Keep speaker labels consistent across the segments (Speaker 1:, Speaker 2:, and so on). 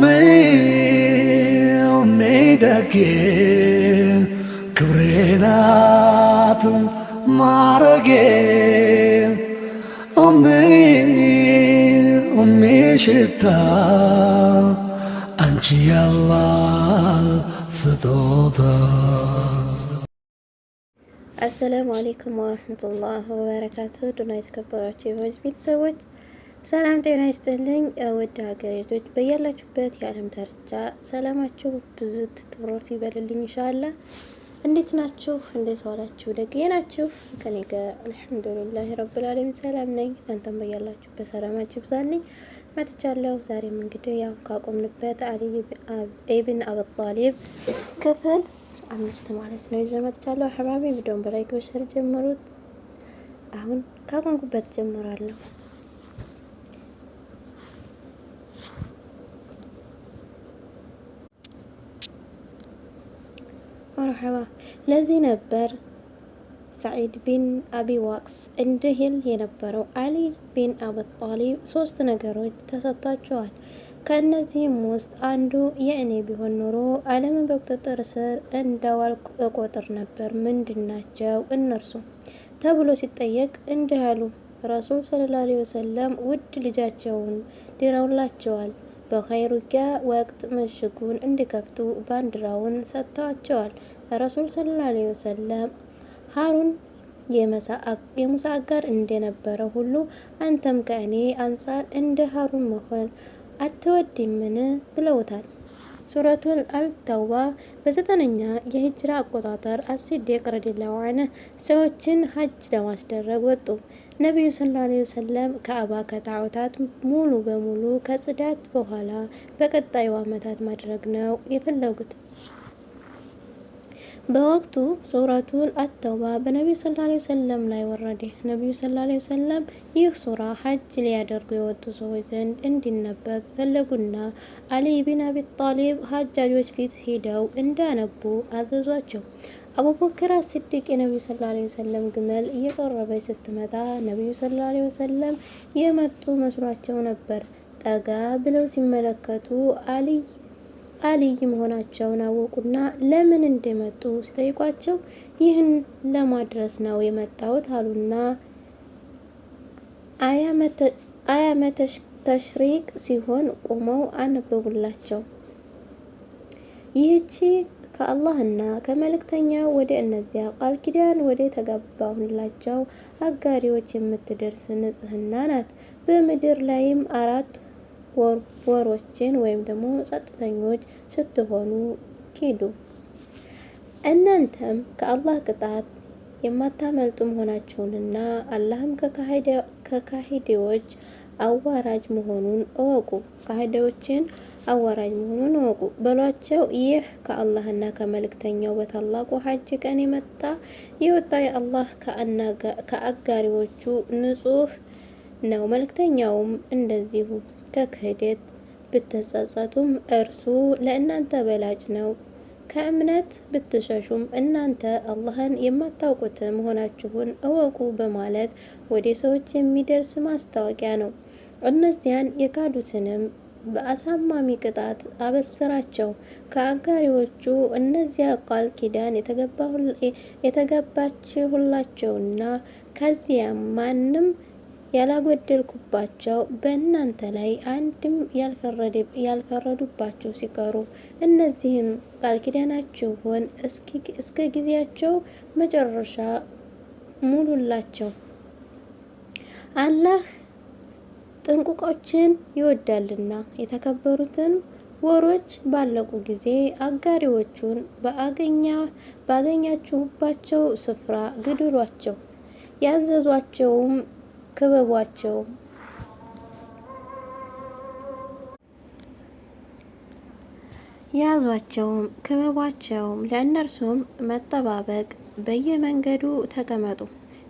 Speaker 1: ሜሜደጌ ክብሬናት ማረጌ ሽታ አንቺ ያላህ ስጦታ።
Speaker 2: አሰላሙ አሌይኩም ወረህመቱላህ ወበረካቱ ድና የተከበራችሁ የሆዝ ቤተሰቦች ሰላም ጤና ይስጥልኝ ወደ ሀገሬቶች በያላችሁበት የዓለም ዳርቻ ሰላማችሁ ብዙ ትትሮፍ ይበልልኝ ይሻላ። እንዴት ናችሁ? እንዴት ዋላችሁ? ደግዬ ናችሁ? ከኔ ጋር አልሐምዱሊላህ ረብልዓለሚን ሰላም ነኝ። እናንተም በያላችሁበት ሰላማችሁ ይብዛልኝ። መጥቻለሁ። ዛሬም እንግዲህ ያው ካቆምንበት አሊ ኢብን አብጣሊብ ክፍል አምስት ማለት ነው ይዘ መጥቻለሁ። አህባቢ ቪዲዮን በላይክ በሸር ጀምሩት። አሁን ካቆምኩበት ጀምራለሁ። መርሐባ። ለዚህ ነበር ሰዒድ ቢን አቢ ዋቅስ እንዲህ የነበረው አሊ ቢን አቢ ጣሊብ ሶስት ነገሮች ተሰጥቷቸዋል። ከእነዚህም ውስጥ አንዱ የእኔ ቢሆን ኑሮ ዓለምን በቁጥጥር ስር እንዳዋልኩ እቆጥር ነበር። ምንድናቸው እነርሱ ተብሎ ሲጠየቅ እንዲህ አሉ። ረሱል ሰለላሁ ዐለይሂ ወሰለም ውድ ልጃቸውን ድረውላቸዋል። በኸይሩጊያ ወቅት ምሽጉን እንዲከፍቱ ባንዲራውን ሰጥተዋቸዋል። ረሱል ሰለላሁ ዐለይሂ ወሰለም ሀሩን የሙሳ አጋር እንደነበረ ሁሉ አንተም ከእኔ አንጻር እንደ ሀሩን መሆን አትወድምን ብለውታል። ሱረቱል አልተውባ በዘጠነኛ የሂጅራ አቆጣጠር አሲዲቅ ረዲላሁ ሰዎችን ሀጅ ለማስደረግ ወጡ። ነቢዩ ሰለላሁ ዐለይሂ ወሰለም ከአባ ከጣዖታት ሙሉ በሙሉ ከጽዳት በኋላ በቀጣዩ ዓመታት ማድረግ ነው የፈለጉት። በወቅቱ ሱረቱል አተውባ በነቢዩ ሰለላሁ ዐለይሂ ወሰለም ላይ ወረደ። ነቢዩ ሰለላሁ ዐለይሂ ወሰለም ይህ ሱራ ሀጅ ሊያደርጉ የወጡ ሰዎች ዘንድ እንዲነበብ ፈለጉና አሊ ቢን አቢ ጣሊብ ሀጃጆች ፊት ሂደው እንዳነቡ አዘዟቸው። አቡበክር አስዲቅ የነቢዩ ሰለላሁ ዐለይሂ ወሰለም ግመል እየቀረበች ስትመጣ ነቢዩ ሰለላሁ ዐለይሂ ወሰለም የመጡ መስሏቸው ነበር። ጠጋ ብለው ሲመለከቱ አሊይ አልይ መሆናቸውን አወቁና ለምን እንደመጡ ሲጠይቋቸው ይህን ለማድረስ ነው የመጣሁት አሉና አያመ ተሽሪቅ ሲሆን ቆመው አነበቡላቸው። ይህቺ ከአላህና ከመልእክተኛ ወደ እነዚያ ቃል ኪዳን ወደ ተገባሁላቸው አጋሪዎች የምትደርስ ንጽህና ናት። በምድር ላይም አራት ወሮችን ወይም ደግሞ ጸጥተኞች ስትሆኑ ኪዱ። እናንተም ከአላህ ቅጣት የማታመልጡ መሆናቸውንና አላህም ከካሂዲዎች አዋራጅ መሆኑን እወቁ። ካሂዲዎችን አዋራጅ መሆኑን እወቁ በሏቸው። ይህ ከአላህና ከመልእክተኛው በታላቁ ሀጅ ቀን የመጣ የወጣ የአላህ ከአጋሪዎቹ ንጹህ ነው። መልእክተኛውም እንደዚሁ ከክህደት ብትጸጸቱም እርሱ ለእናንተ በላጭ ነው። ከእምነት ብትሸሹም እናንተ አላህን የማታውቁት መሆናችሁን እወቁ በማለት ወደ ሰዎች የሚደርስ ማስታወቂያ ነው። እነዚያን የካዱትንም በአሳማሚ ቅጣት አበስራቸው። ከአጋሪዎቹ እነዚያ ቃል ኪዳን የተገባችሁላቸውና ከዚያ ማንም ያላጎደልኩባቸው በእናንተ ላይ አንድም ያልፈረዱባቸው ሲቀሩ እነዚህም ቃል ኪዳናችሁን እስከ ጊዜያቸው መጨረሻ ሙሉላቸው። አላህ ጥንቁቆችን ይወዳልና የተከበሩትን ወሮች ባለቁ ጊዜ አጋሪዎቹን ባገኛችሁባቸው ስፍራ ግድሏቸው። ያዘዟቸውም ክበቧቸው። ያዟቸውም ክበቧቸውም፣ ለእነርሱም መጠባበቅ። በየመንገዱ ተቀመጡ።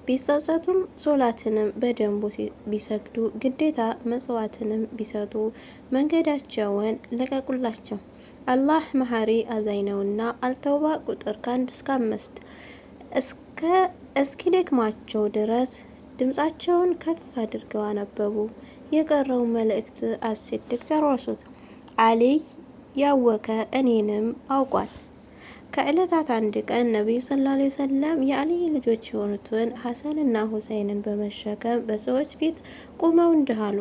Speaker 2: ቢጸጸቱም ሶላትንም በደንቡ ቢሰግዱ ግዴታ መጽዋትንም ቢሰጡ መንገዳቸውን ለቀቁላቸው። አላህ መሐሪ አዛኝ ነውና። አልተውባ ቁጥር ከአንድ እስከ አምስት እስኪ ደክማቸው ድረስ ድምፃቸውን ከፍ አድርገው አነበቡ። የቀረው መልእክት አሴት ዶክተር ዋሱት አሊይ ያወቀ እኔንም አውቋል። ከዕለታት አንድ ቀን ነቢዩ ሰለላሁ ዐለይሂ ወሰለም የአሊይ ልጆች የሆኑትን ሐሰንና ሁሰይንን በመሸከም በሰዎች ፊት ቁመው እንዲህ አሉ።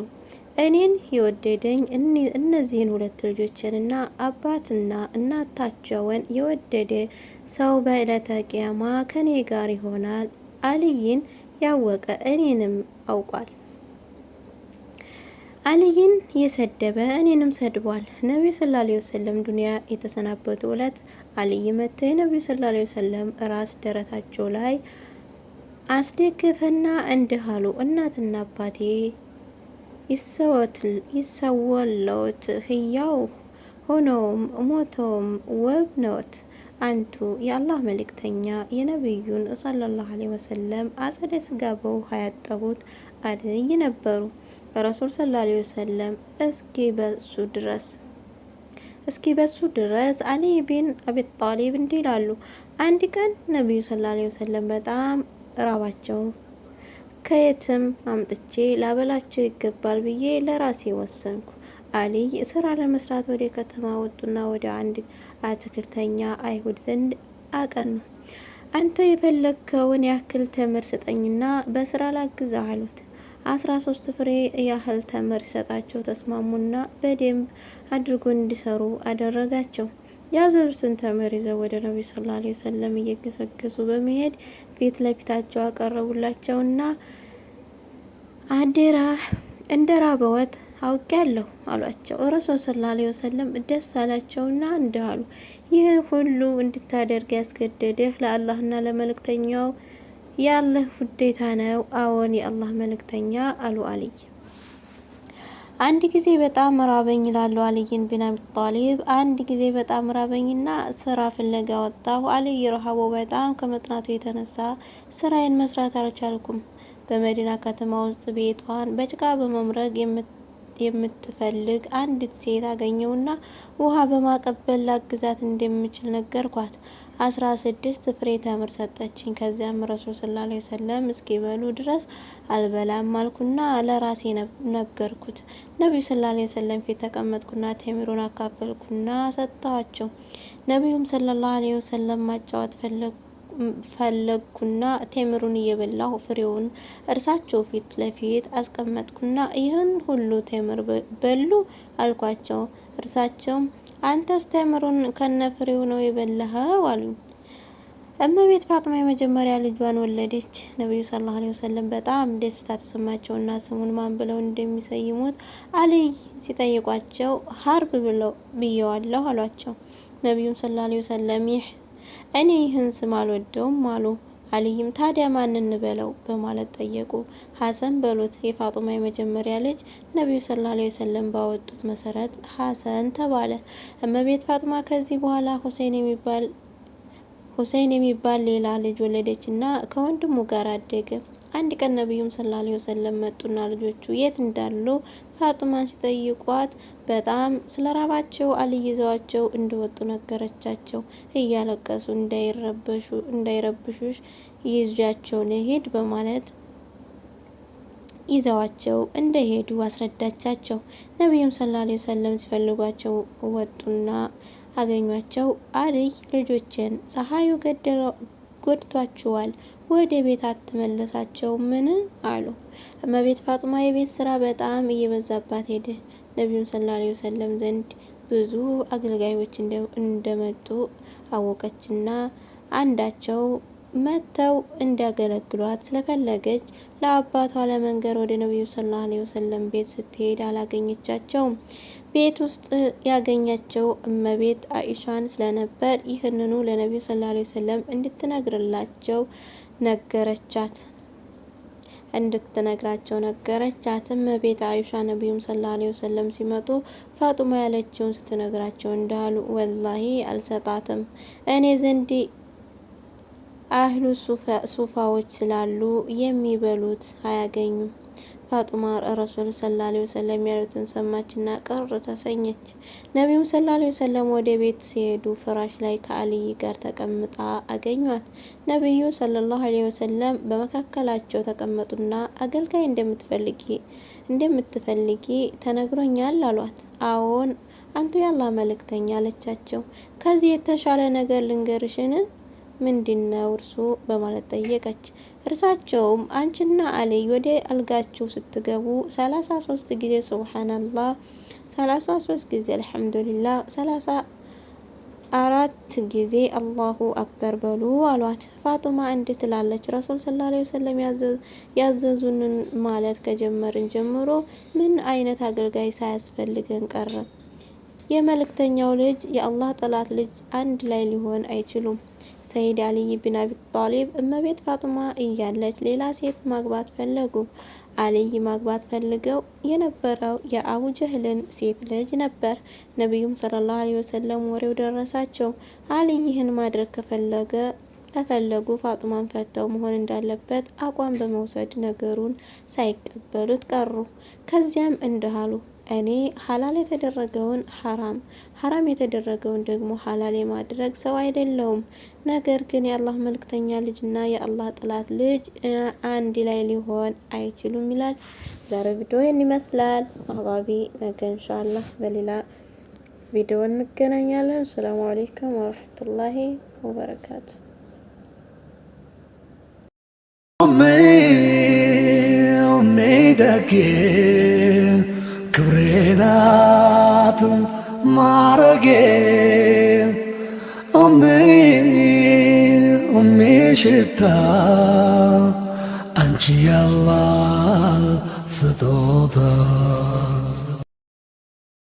Speaker 2: እኔን የወደደኝ እነዚህን ሁለት ልጆችንና አባትና እናታቸውን የወደደ ሰው በዕለተ ቂያማ ከኔ ጋር ይሆናል። አልይን ያወቀ እኔንም አውቋል። አልይን የሰደበ እኔንም ሰድቧል። ነቢዩ ሰለላሁ ዐለይሂ ወሰለም ዱንያ የተሰናበቱ ዕለት አልይ መጥተው የነቢዩ ሰለላሁ ዐለይሂ ወሰለም ራስ ደረታቸው ላይ አስደገፈና እንዲህ አሉ፣ እናትና አባቴ ይሰወለዎት፣ ህያው ሆነውም ሞተውም ውብ ነዎት። አንቱ የአላህ መልእክተኛ የነቢዩን ሰለላሁ ዐለይሂ ወሰለም አጸደ ስጋ በውሃ ያጠቡት አድይ ነበሩ። ረሱል ሰለላሁ ዐለይሂ ወሰለም እስኪ በሱ ድረስ እስኪ በሱ ድረስ አሊ ቢን አቢ ጣሊብ እንዲህ ይላሉ። አንድ ቀን ነቢዩ ሰለላሁ ዐለይሂ ወሰለም በጣም ራባቸው። ከየትም አምጥቼ ላበላቸው ይገባል ብዬ ለራሴ ወሰንኩ። አሊይ ስራ ለመስራት ወደ ከተማ ወጡና ወደ አንድ አትክልተኛ አይሁድ ዘንድ አቀኑ። አንተ የፈለግከውን ያክል ተምር ስጠኝና በስራ ላግዛ አሉት። አስራ ሶስት ፍሬ ያህል ተምር ሰጣቸው። ተስማሙና በደንብ አድርጎ እንዲሰሩ አደረጋቸው። ያዘዙትን ተምር ይዘው ወደ ነቢዩ ሰለላሁ ዓለይሂ ወሰለም እየገሰገሱ በመሄድ ፊት ለፊታቸው አቀረቡላቸውና አደራ እንደ ራበወት ያለሁ አሏቸው። ረሱል ሰለላሁ ላ ወሰለም ደስ አላቸውና እንዲህ አሉ፣ ይህ ሁሉ እንድታደርግ ያስገደደህ ለአላህና ለመልእክተኛው ያለህ ውዴታ ነው። አዎን የአላህ መልእክተኛ አሉ አልይ። አንድ ጊዜ በጣም ራበኝ ላለው አልይን ቢን አቢ ጣሊብ፣ አንድ ጊዜ በጣም ራበኝና ስራ ፍለጋ ወጣሁ። አልይ ረሃቦ በጣም ከመጥናቱ የተነሳ ስራዬን መስራት አልቻልኩም። በመዲና ከተማ ውስጥ ቤቷን በጭቃ በመምረግ የምትፈልግ አንዲት ሴት አገኘውና ውሃ በማቀበል ላግዛት እንደምችል ነገርኳት። አስራ ስድስት ፍሬ ተምር ሰጠችኝ። ከዚያም ረሱል ሰለላሁ ዐለይሂ ወሰለም እስኪበሉ ድረስ አልበላም አልኩና ለራሴ ነገርኩት። ነቢዩ ሰለላሁ ዐለይሂ ወሰለም ፊት ተቀመጥኩና ተምሩን አካፈልኩና ሰጠኋቸው። ነቢዩም ሰለላሁ ዐለይሂ ወሰለም ማጫወት ፈለጉ። ፈለግኩና ቴምሩን እየበላሁ ፍሬውን እርሳቸው ፊት ለፊት አስቀመጥኩና ይህን ሁሉ ቴምር በሉ አልኳቸው። እርሳቸው አንተስ ቴምሩን ከነ ፍሬው ነው የበላኸው አሉኝ። እመቤት ፋጥማ የመጀመሪያ ልጇን ወለደች። ነቢዩ ሰለላሁ ዐለይሂ ወሰለም በጣም ደስታ ተሰማቸውና ስሙን ማን ብለው እንደሚሰይሙት አልይ ሲጠይቋቸው ሀርብ ብለው ብየዋለሁ አሏቸው። ነቢዩም ሰለላሁ ዐለይሂ ወሰለም ይህ እኔ ይህን ስም አልወደውም አሉ። አልይም ታዲያ ማን እንበለው በማለት ጠየቁ። ሀሰን በሉት የፋጡማ የመጀመሪያ ልጅ ነቢዩ ሰለላሁ ዐለይሂ ወሰለም ባወጡት መሰረት ሀሰን ተባለ። እመቤት ፋጡማ ከዚህ በኋላ ሁሴን የሚባል ሁሴን የሚባል ሌላ ልጅ ወለደችና ከወንድሙ ጋር አደገ። አንድ ቀን ነቢዩም ሰለላሁ ዐለይሂ ወሰለም መጡና ልጆቹ የት እንዳሉ ፋጡማን ሲጠይቋት በጣም ስለራባቸው አልይዘዋቸው እንደወጡ ነገረቻቸው። እያለቀሱ እንዳይረበሹ እንዳይረብሹሽ ይዣቸው ልሂድ በማለት ይዘዋቸው እንደሄዱ አስረዳቻቸው። ነቢዩም ሰለላሁ ዐለይሂ ወሰለም ሲፈልጓቸው ወጡና አገኟቸው። አልይ ልጆችን ፀሐዩ ጎድቷችኋል፣ ወደ ቤት አትመለሳቸው ምን አሉ። እመቤት ፋጥማ የቤት ስራ በጣም እየበዛባት ሄደ። ነቢዩም ሰለላሁ ዐለይሂ ወሰለም ዘንድ ብዙ አገልጋዮች እንደመጡ አወቀችና አንዳቸው መጥተው እንዲያገለግሏት ስለፈለገች ለአባቷ ለመንገር ወደ ነቢዩ ሰለላሁ ዐለይሂ ወሰለም ቤት ስትሄድ አላገኘቻቸውም። ቤት ውስጥ ያገኛቸው እመቤት አኢሻን ስለነበር ይህንኑ ለነቢዩ ሰለላሁ ዐለይሂ ወሰለም እንድትነግርላቸው ነገረቻት እንድትነግራቸው ነገረቻት። እመቤት አኢሻ ነቢዩም ሰለላሁ ዐለይሂ ወሰለም ሲመጡ ፋጡማ ያለችውን ስትነግራቸው እንዳሉ ወላሂ አልሰጣትም እኔ ዘንድ አህሉ ሱፋዎች ስላሉ የሚበሉት አያገኙም። ፋጡማ ረሱል ሰለላሁ ዐለይሂ ወሰለም ያሉትን ሰማችና ቅር ተሰኘች። ነቢዩም ሰለላሁ ዐለይሂ ወሰለም ወደ ቤት ሲሄዱ ፍራሽ ላይ ከአልይ ጋር ተቀምጣ አገኟት። ነቢዩ ሰለላሁ ዐለይሂ ወሰለም በመካከላቸው ተቀመጡና አገልጋይ እንደምትፈልጊ እንደምትፈልጊ ተነግሮኛል አሏት። አዎን አንቱ ያላህ መልእክተኛ አለቻቸው። ከዚህ የተሻለ ነገር ልንገርሽን? ምንድነው እርሱ በማለት ጠየቀች። እርሳቸውም አንችና አልይ ወደ አልጋቸው ስትገቡ 33 ጊዜ ሱብሃንአላህ፣ 33 ጊዜ አልሐምዱሊላህ፣ ሰላሳ አራት ጊዜ አላሁ አክበር በሉ አሏት። ፋጡማ እንዴት ትላለች፣ ረሱል ሰለላሁ ዐለይሂ ወሰለም ያዘዙንን ማለት ከጀመርን ጀምሮ ምን አይነት አገልጋይ ሳያስፈልገን ቀረ? የመልእክተኛው ልጅ የአላህ ጠላት ልጅ አንድ ላይ ሊሆን አይችሉም። ሰይድ አልይ ቢን አቢ ጣሊብ እመቤት ፋጡማ እያለች ሌላ ሴት ማግባት ፈለጉ። አልይ ማግባት ፈልገው የነበረው የአቡ ጀህልን ሴት ልጅ ነበር። ነቢዩም ሰለላሁ አለይሂ ወሰለም ወሬው ደረሳቸው። አልይ ይህን ማድረግ ከፈለገ ከፈለጉ ፋጡማን ፈተው መሆን እንዳለበት አቋም በመውሰድ ነገሩን ሳይቀበሉት ቀሩ። ከዚያም እንደሃሉ እኔ ሀላል የተደረገውን ሀራም ሀራም የተደረገውን ደግሞ ሀላል የማድረግ ሰው አይደለውም። ነገር ግን የአላህ መልክተኛ ልጅና የአላህ ጥላት ልጅ አንድ ላይ ሊሆን አይችሉም ይላል። ዛሬ ቪዲዮ ይህን ይመስላል። አባቢ ነገ እንሻአላህ በሌላ ቪዲዮ እንገናኛለን። ሰላሙ አሌይኩም ወረህመቱላሂ ወበረካቱ።
Speaker 1: Made again. ክብሬ ናት ማረጌ እምቢ ሽታ አንቺ ያላህ ስጦታ